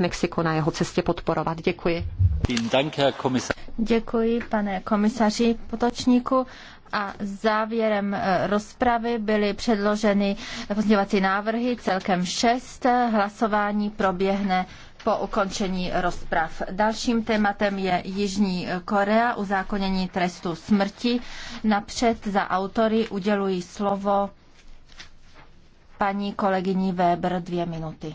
Mexiko na jeho cestě podporovat. Děkuji. Děkuji, pane komisaři Potočníku. A závěrem eh, rozpravy byly předloženy pozměňovací návrhy, celkem šest. Hlasování proběhne po ukončení rozprav. Dalším tématem je Jižní Korea, uzákonění trestu smrti. Napřed za autory uděluji slovo paní kolegyni Weber dvě minuty.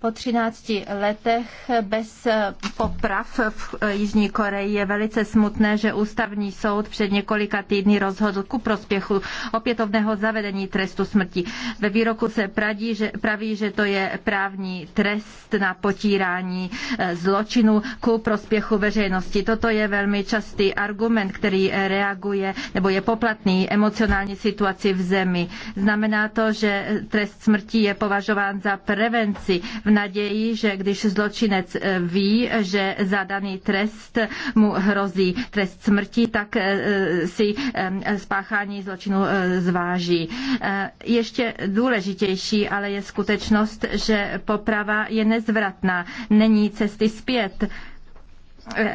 po 13 letech bez poprav v Jižní Koreji je velice smutné, že ústavní soud před několika týdny rozhodl ku prospěchu opětovného zavedení trestu smrti. Ve výroku se pradí, že, praví, že to je právní trest na potírání eh, zločinu ku prospěchu veřejnosti. Toto je velmi častý argument, který reaguje nebo je poplatný emocionální situaci v zemi. Znamená to, že trest smrti je považován za prevenci v naději, že když zločinec eh, ví, že za daný trest mu hrozí trest smrti, tak eh, si eh, spáchání zločinu zváží. Ještě důležitější ale je skutečnost, že poprava je nezvratná, není cesty zpět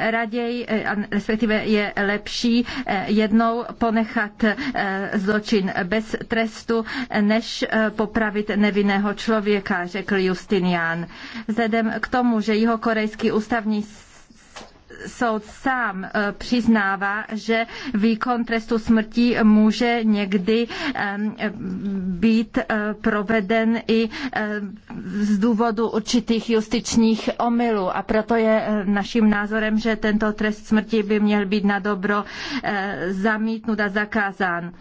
raději, eh, respektive je lepší eh, jednou ponechat eh, zločin bez trestu, než popravit nevinného člověka, řekl Justinian. Vzhledem k tomu, že jeho korejský ústavní soud sám eh, přiznává, že výkon trestu smrti může někdy být eh, proveden i eh, z důvodu určitých justičních omylů. A proto je naším názorem, že tento trest smrti by měl být na dobro zamítnut a zakázán.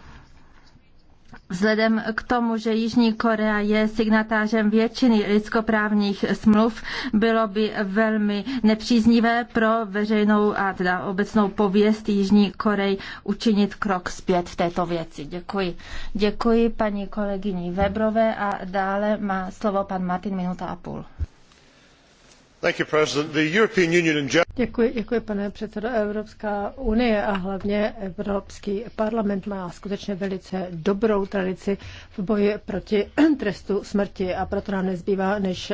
Vzhledem k tomu, že Jižní Korea je signatářem většiny lidskoprávních smluv, bylo by velmi nepříznivé pro veřejnou a teda obecnou pověst Jižní Korej učinit krok zpět v této věci. Děkuji. Děkuji paní kolegyni Webrové a dále má slovo pan Martin minuta a půl. Děkuji, pane předsedající. Evropská unie a hlavně Evropský parlament má skutečně velice dobrou tradici v boji proti trestu smrti a proto nám nezbývá, než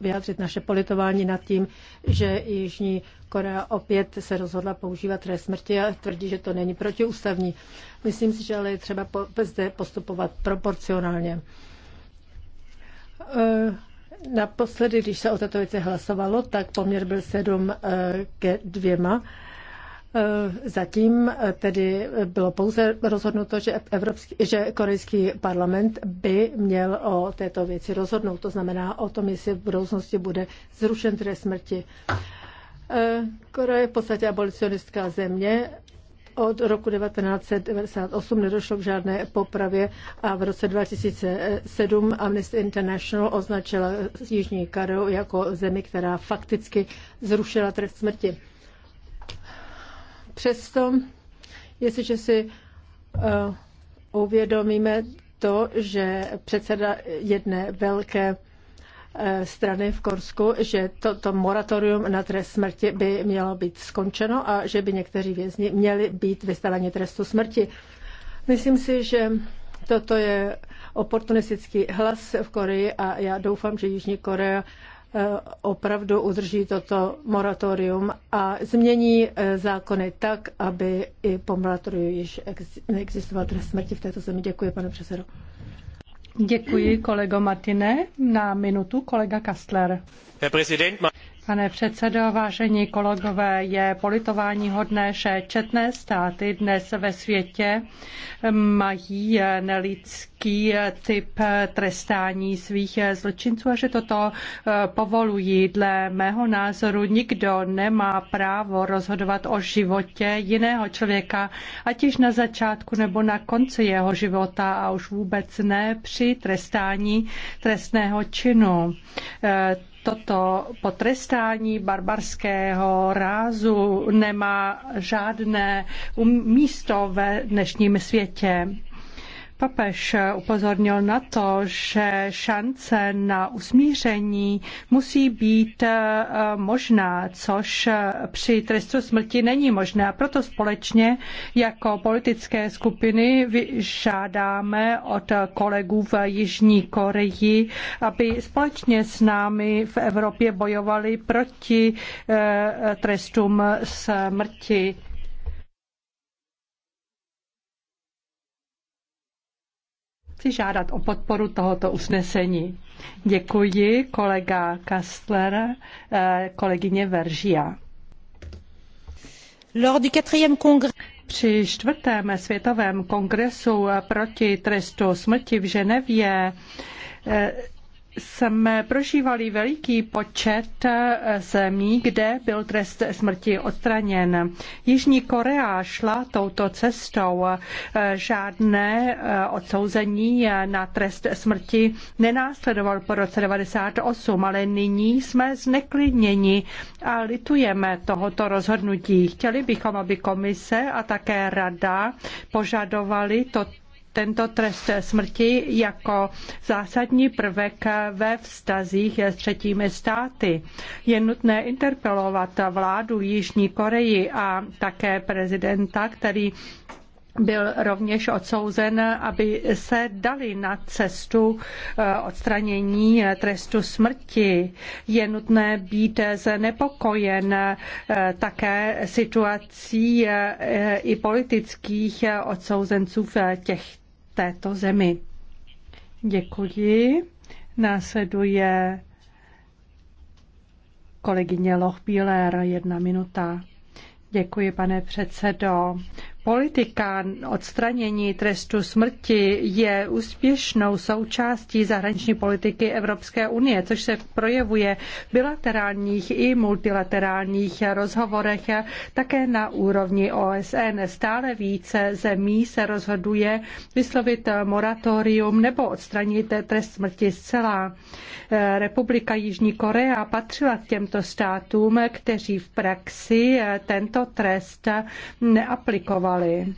vyjádřit naše politování nad tím, že Jižní Korea opět se rozhodla používat trest smrti a tvrdí, že to není protiústavní. Myslím si, že ale je třeba zde postupovat proporcionálně. Eh, Naposledy, když se o této věci hlasovalo, tak poměr byl 7 eh, ke dvěma. Eh, zatím eh, tedy bylo pouze rozhodnuto, že, Evropský, že korejský parlament by měl o této věci rozhodnout. To znamená o tom, jestli v budoucnosti bude zrušen trest smrti. Korea je v podstatě abolicionistická země. Od roku 1998 nedošlo k žádné popravě a v roce 2007 Amnesty International označila Jižní Kareu jako zemi, která fakticky zrušila trest smrti. Přesto, jestliže si uh, uvědomíme to, že předseda jedné velké Eh, strany v Korsku, že to to moratorium na trest smrti by mělo být skončeno a že by někteří vězni měli být vystaveni trestu smrti. Myslím si, že toto je oportunistický hlas v Koreji a já doufám, že Jižní Korea eh, opravdu udrží toto moratorium a změní eh, zákony tak, aby i po moratoriu již neexistoval trest smrti v této zemi. Děkuji, pane předsedo. Děkuji kolego Martine. Na minutu kolega Kastler. Pane předsedo, vážení kolegové, je politování hodné, že četné státy dnes ve světě mají nelidský typ trestání svých zločinců a že toto eh, povolují. Dle mého názoru nikdo nemá právo rozhodovat o životě jiného člověka, ať již na začátku nebo na konci jeho života a už vůbec ne při trestání trestného činu eh, Toto potrestání barbarského rázu nemá žádné um- místo ve dnešním světě. Papež upozornil na to, že šance na usmíření musí být eh, možná, což při trestu smrti není možné. A proto společně jako politické skupiny žádáme od kolegů v Jižní Koreji, aby společně s námi v Evropě bojovali proti eh, trestům smrti. chci žádat o podporu tohoto usnesení. Děkuji kolega Kastler, eh, kolegyně Veržia. Lors du quatrième congrès při čtvrtém světovém kongresu proti trestu smrti v Ženevě eh, jsme prožívali veliký počet eh, zemí, kde byl trest smrti odstraněn. Jižní Korea šla touto cestou. Eh, žádné eh, odsouzení na trest smrti nenásledoval po roce 1998, ale nyní jsme zneklidněni a litujeme tohoto rozhodnutí. Chtěli bychom, aby komise a také rada požadovali toto tento trest smrti jako zásadní prvek ve vztazích s třetími státy. Je nutné interpelovat vládu Jižní Koreji a také prezidenta, který byl rovněž odsouzen, aby se dali na cestu eh, odstranění trestu smrti. Je nutné být znepokojen eh, také situací eh, i politických odsouzenců v těch této zemi. Děkuji. Následuje kolegyně Lochbíler, jedna minuta. Děkuji, pane předsedo. Politika odstranění trestu smrti je úspěšnou součástí zahraniční politiky Evropské unie, což se projevuje v bilaterálních i multilaterálních rozhovorech, také na úrovni OSN. Stále více zemí se rozhoduje vyslovit moratorium nebo odstranit trest smrti zcela. Republika Jižní Korea patřila k těmto státům, kteří v praxi tento trest neaplikovali fungovaly.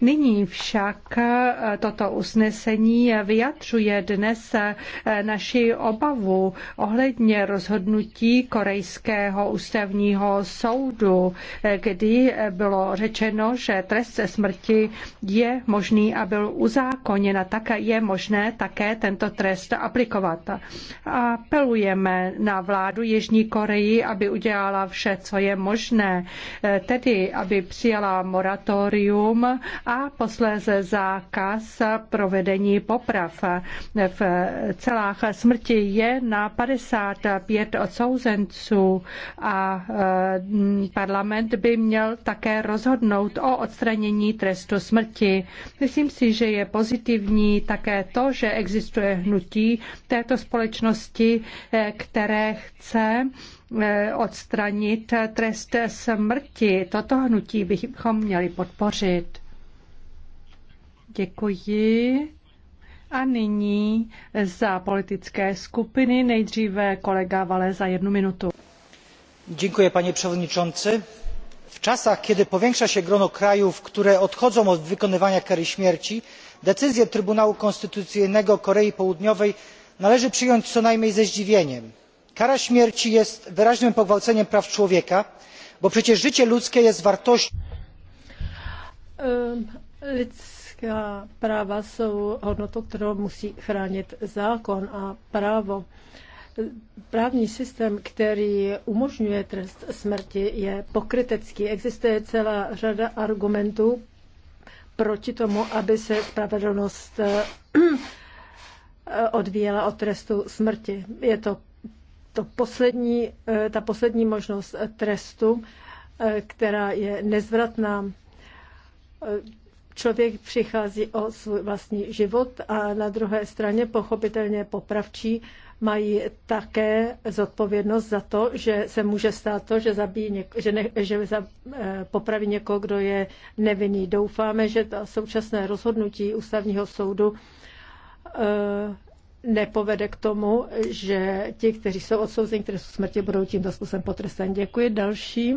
Nyní však eh, toto usnesení vyjadřuje dnes eh, naši obavu ohledně rozhodnutí Korejského ústavního soudu, eh, kdy bylo řečeno, že trest smrti je možný a byl uzákoněn a tak je možné také tento trest aplikovat. Apelujeme na vládu Jižní Koreji, aby udělala vše, co je možné, tedy aby přijala moratorium moratorium a posléze zákaz provedení poprav. V celách smrti je na 55 odsouzenců a mm, parlament by měl také rozhodnout o odstranění trestu smrti. Myslím si, že je pozitivní také to, že existuje hnutí této společnosti, eh, které chce Eh, odstranit trest smrti. Toto hnutí bychom měli podpořit. Děkuji. A nyní za politické skupiny nejdříve kolega Vale za jednu minutu. Děkuji, pane předsedající. V časách, kiedy powiększa się grono krajów, które odchodzą od wykonywania kary śmierci, decyzję Trybunału Konstytucyjnego Korei Południowej należy przyjąć co najmniej ze zdziwieniem kara śmierci jest wyraźnym pogwałceniem praw człowieka bo przecież życie ludzkie jest wartością lidská práva jsou hodnotou, kterou musí chránit zákon a Právní systém, který umožňuje trest smrti, je pokrytecký. Existuje celá řada argumentů proti tomu, aby se spravedlnost e, odvíjela od trestu smrti. Je to to poslední, eh, ta poslední možnost trestu, eh, která je nezvratná. Eh, člověk přichází o svůj vlastní život a na druhé straně pochopitelně popravčí mají také zodpovědnost za to, že se může stát to, že, zabíjí něko, že, ne, že za, popraví někoho, kdo je nevinný. Doufáme, že to současné rozhodnutí ústavního soudu nepovede k tomu, že ti, kteří jsou odsouzeni které jsou smrti, budou tímto způsobem potrestani. Děkuji. Další.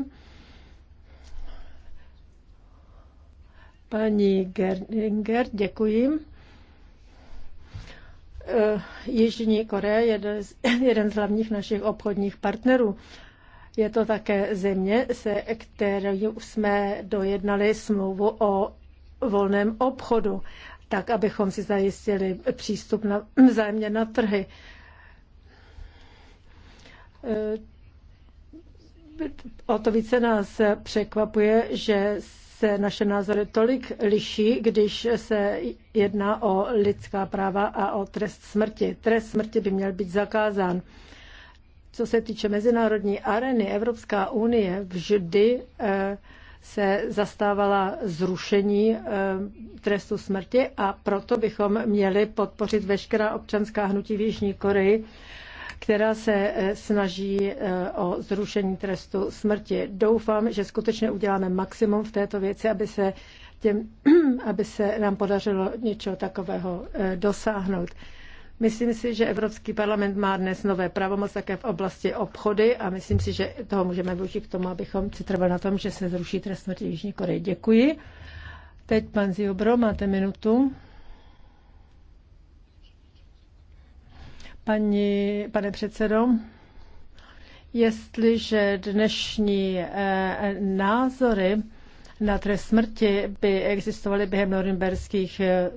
Paní Gerdinger, děkuji. Eh, Jižní Korea je jeden z, jeden z hlavních našich obchodních partnerů. Je to také země, se kterou jsme dojednali smlouvu o volném obchodu tak abychom si zajistili přístup na, vzájemně na trhy. E, o to více nás překvapuje, že se naše názory tolik liší, když se jedná o lidská práva a o trest smrti. Trest smrti by měl být zakázán. Co se týče mezinárodní areny, Evropská unie vždy eh, se zastávala zrušení eh, trestu smrti a proto bychom měli podpořit veškerá občanská hnutí v Jižní Koreji, která se eh, snaží eh, o zrušení trestu smrti. Doufám, že skutečně uděláme maximum v této věci, aby se, těm, aby se nám podařilo něčeho takového dosáhnout. Myslím si, že Evropský parlament má dnes nové pravomoc také v oblasti obchody a myslím si, že toho můžeme využít k tomu, abychom trvali na tom, že se zruší trest smrti Jižní Koreji. Děkuji. Teď pan Ziobro, máte minutu. Paní, pane předsedo, jestliže dnešní eh, názory na trest smrti by existovaly během norimberských eh,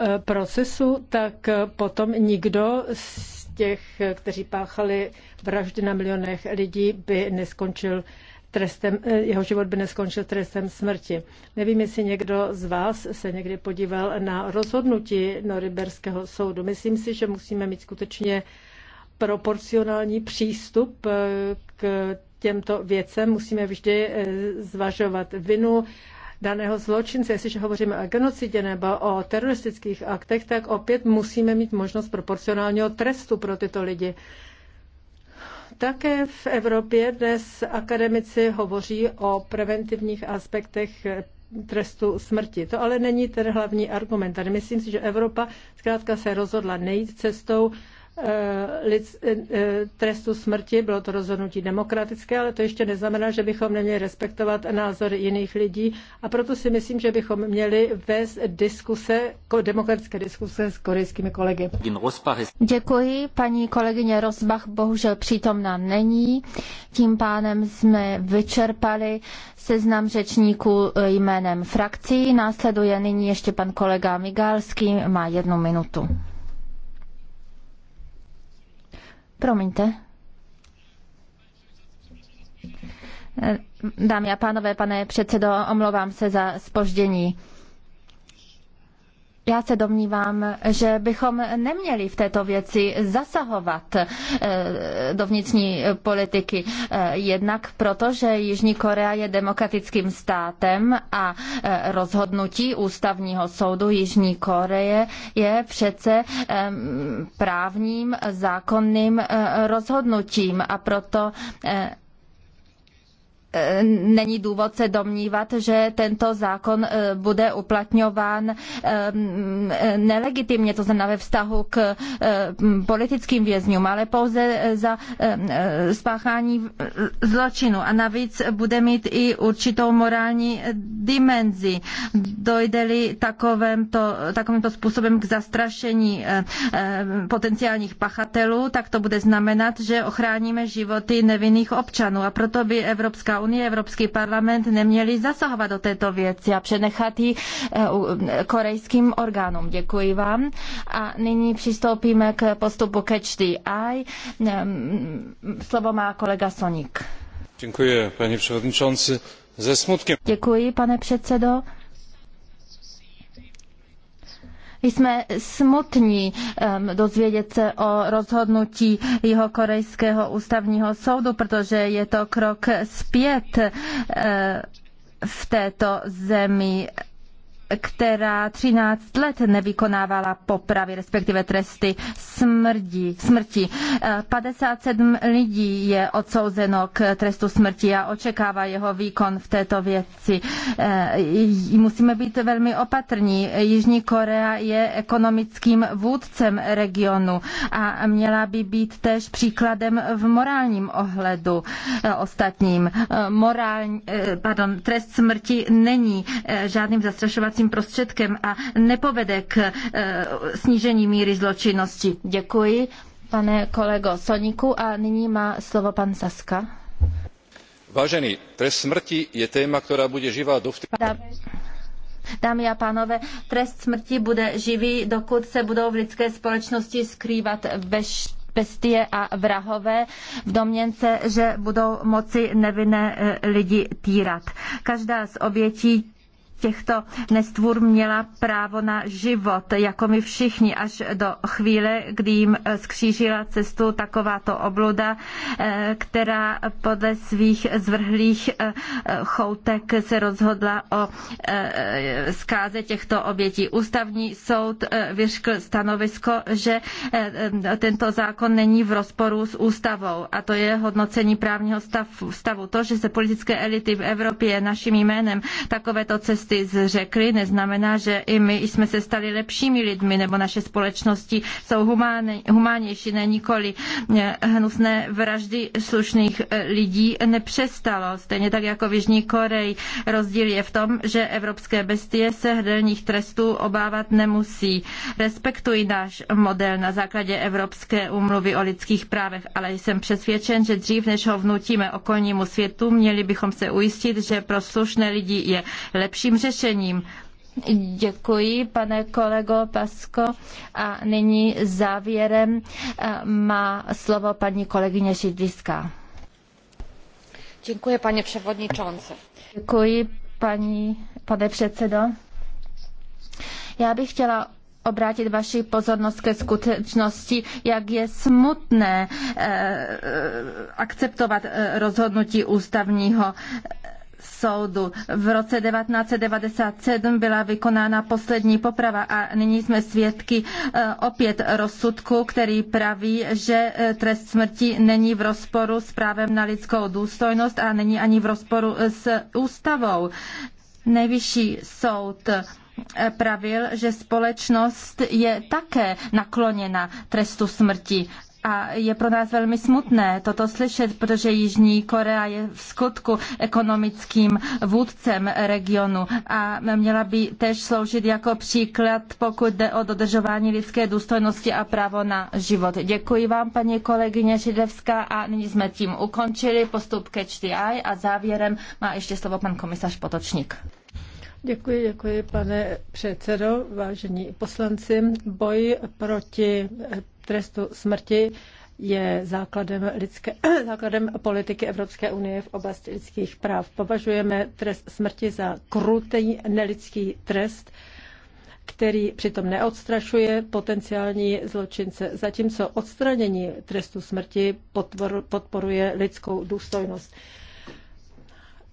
Eh, procesu, tak potom nikdo z těch, kteří páchali vraždy na milionech lidí, by neskončil trestem, eh, jeho život by neskončil trestem smrti. Nevím, jestli někdo z vás se někdy podíval na rozhodnutí Noriberského soudu. Myslím si, že musíme mít skutečně proporcionální přístup eh, k těmto věcem. Musíme vždy zvažovat vinu, daného zločince. Jestliže hovoříme o genocidě nebo o teroristických aktech, tak opět musíme mít možnost proporcionálního trestu pro tyto lidi. Také v Evropě dnes akademici hovoří o preventivních aspektech trestu smrti. To ale není ten hlavní argument. Tady myslím si, že Evropa zkrátka se rozhodla nejít cestou Eh, eh, eh, trestu smrti, bylo to rozhodnutí demokratické, ale to ještě neznamená, že bychom neměli respektovat názory jiných lidí a proto si myslím, že bychom měli vést diskuse, demokratické diskuse s korejskými kolegy. Děkuji, paní kolegyně Rozbach bohužel přítomná není. Tím pádem jsme vyčerpali seznam řečníků jménem frakcí. Následuje nyní ještě pan kolega Migalský, má jednu minutu. Promiňte. Dámy a pánové, pane předsedo, omlouvám se za spoždění. Já se domnívám, že bychom neměli v této věci zasahovat eh, do vnitřní politiky. Eh, jednak proto, že Jižní Korea je demokratickým státem a eh, rozhodnutí ústavního soudu Jižní Koreje je přece právním zákonným rozhodnutím a proto E, není důvod se domnívat, že tento zákon e, bude uplatňován e, nelegitimně, to znamená ve vztahu k politickým vězňům, ale pouze za spáchání zločinu. A navíc bude mít i určitou morální dimenzi. Dojde-li takovémto, takovýmto způsobem k zastrašení potenciálních pachatelů, tak to bude znamenat, že ochráníme životy nevinných občanů. A proto by Evropská unie, Evropský parlament neměli zasahovat do této věci a přenechat ji eh, korejským orgánům. Děkuji vám. A nyní přistoupíme k postupu Catch the Eye. Ehm, slovo má kolega Sonik. Děkuji, paní předsedající. Ze smutkem. Děkuji, pane předsedo. Jsme smutní um, dozvědět se o rozhodnutí jeho korejského ústavního soudu, protože je to krok zpět eh, v této zemi která 13 let nevykonávala popravy, respektive tresty smrti. smrti. 57 lidí je odsouzeno k trestu smrti a očekává jeho výkon v této věci. Eh, musíme být velmi opatrní. Jižní Korea je ekonomickým vůdcem regionu a měla by být též příkladem v morálním ohledu eh, ostatním. Eh, morální, pardon, trest smrti není žádným zastrašovacím opravovacím prostředkem a nepovede k eh, snížení míry zločinnosti. Děkuji, pane kolego Soniku. A nyní má slovo pan Saska. Vážený, trest smrti je téma, která bude živá do dovtedy. Dámy a pánové, trest smrti bude živý, dokud se budou v lidské společnosti skrývat veškeré bestie a vrahové v domněnce, že budou moci nevinné eh, lidi týrat. Každá z obětí těchto nestvůr měla právo na život, jako my všichni, až do chvíle, kdy jim skřížila cestu takováto obluda, eh, která podle svých zvrhlých eh, choutek se rozhodla o eh, zkáze těchto obětí. Ústavní soud vyřkl stanovisko, že tento zákon není v rozporu s ústavou a to je hodnocení právního stavu. To, že se politické elity v Evropě naším jménem takovéto cesty ústy řekli, neznamená, že i my jsme se stali lepšími lidmi, nebo naše společnosti jsou humány, humánější, ne nikoli hnusné vraždy slušných eh, lidí nepřestalo. Stejně tak jako v Jižní Koreji. Rozdíl je v tom, že evropské bestie se hrdelních trestů obávat nemusí. Respektují náš model na základě Evropské úmluvy o lidských právech, ale jsem přesvědčen, že dřív, než ho vnutíme okolnímu světu, měli bychom se ujistit, že pro slušné lidi je lepším řešením. Děkuji, pane kolego Pasko. A nyní závěrem eh, má slovo paní kolegyně Židlická. Děkuji, pane převodničonce. Děkuji, paní, pane předsedo. Já bych chtěla obrátit vaši pozornost ke skutečnosti, jak je smutné eh, akceptovat eh, rozhodnutí ústavního soudu. V roce 1997 byla vykonána poslední poprava a nyní jsme svědky e, opět rozsudku, který praví, že e, trest smrti není v rozporu s právem na lidskou důstojnost a není ani v rozporu e, s ústavou. Nejvyšší soud pravil, že společnost je také nakloněna trestu smrti a je pro nás velmi smutné toto slyšet, protože Jižní Korea je v skutku ekonomickým vůdcem regionu a měla by též sloužit jako příklad, pokud jde o dodržování lidské důstojnosti a právo na život. Děkuji vám, paní kolegyně Židevská, a nyní jsme tím ukončili postup ke HDI a závěrem má ještě slovo pan komisař Potočník. Děkuji, děkuji, pane předsedo, vážení poslanci. Boj proti trestu smrti je základem, lidské, základem politiky Evropské unie v oblasti lidských práv. Považujeme trest smrti za krutý nelidský trest, který přitom neodstrašuje potenciální zločince, zatímco odstranění trestu smrti podporuje lidskou důstojnost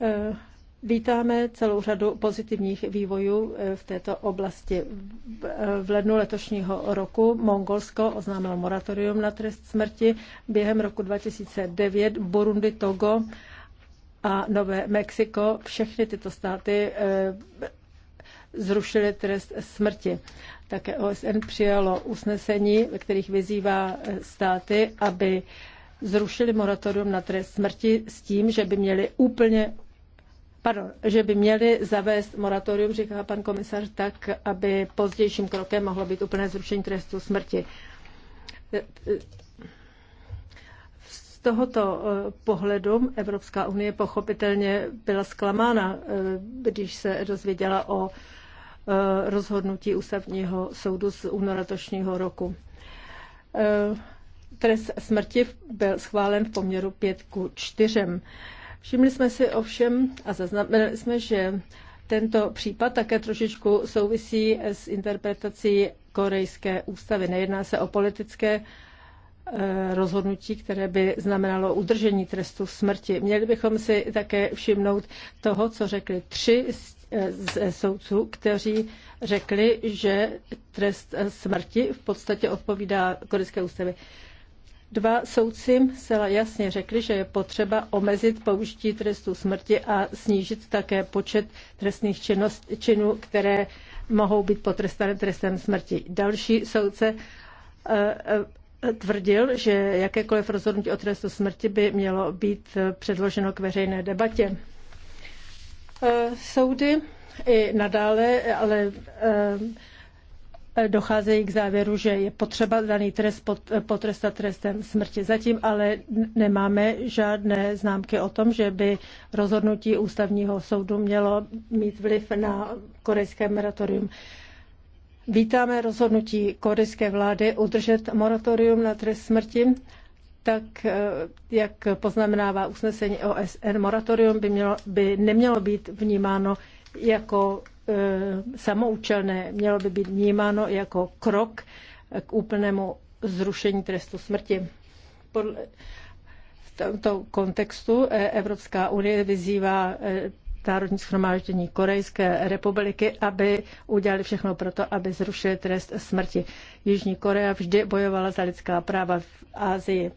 eh, Vítáme celou řadu pozitivních vývojů eh, v této oblasti. Eh, v lednu letošního roku Mongolsko oznámilo moratorium na trest smrti. Během roku 2009 Burundi, Togo a Nové Mexiko, všechny tyto státy eh, zrušily trest smrti. Také OSN přijalo usnesení, ve kterých vyzývá státy, aby zrušili moratorium na trest smrti s tím, že by měli úplně Pardon, že by měli zavést moratorium, říká pan komisař, tak, aby pozdějším krokem mohlo být úplné zrušení trestu smrti. Z tohoto eh, pohledu Evropská unie pochopitelně byla zklamána, eh, když se dozvěděla o eh, rozhodnutí ústavního soudu z února letošního roku. Trest smrti byl schválen v poměru 5 ku 4. Všimli jsme si ovšem a zaznamenali jsme, že tento případ také trošičku souvisí s interpretací korejské ústavy. Nejedná se o politické eh, rozhodnutí, které by znamenalo udržení trestu smrti. Měli bychom si také všimnout toho, co řekli tři z eh, soudců, kteří řekli, že trest smrti v podstatě odpovídá korejské ústavě. Dva soudci zcela jasně řekli, že je potřeba omezit použití trestu smrti a snížit také počet trestných činnost, činů, které mohou být potrestané trestem smrti. Další soudce eh, eh, tvrdil, že jakékoliv rozhodnutí o trestu smrti by mělo být eh, předloženo k veřejné debatě. Soudy i nadále, ale docházejí k závěru, že je potřeba daný trest potrestat trestem smrti. Zatím ale nemáme žádné známky o tom, že by rozhodnutí ústavního soudu mělo mít vliv na korejské moratorium. Vítáme rozhodnutí korejské vlády udržet moratorium na trest smrti tak eh, jak poznamenává usnesení OSN, moratorium by, mělo, by nemělo být vnímáno jako Eh, samoučelné, mělo by být vnímáno jako krok k úplnému zrušení trestu smrti. Podle, v tomto kontextu eh, Evropská unie vyzývá eh, Národní schromáždění Korejské republiky, aby udělali všechno pro to, aby zrušili trest smrti. Jižní Korea vždy bojovala za lidská práva v Ázii.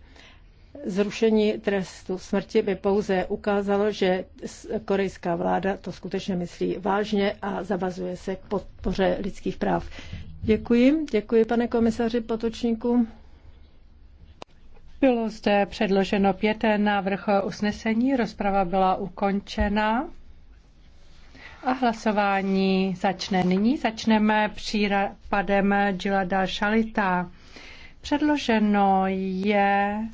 Zrušení trestu smrti by pouze ukázalo, že korejská vláda to skutečně myslí vážně a zavazuje se k podpoře lidských práv. Děkuji, děkuji pane komisaři Potočníku. Bylo zde předloženo pět návrh usnesení, rozprava byla ukončena a hlasování začne nyní. Začneme případem Gilada Šalita. Předloženo je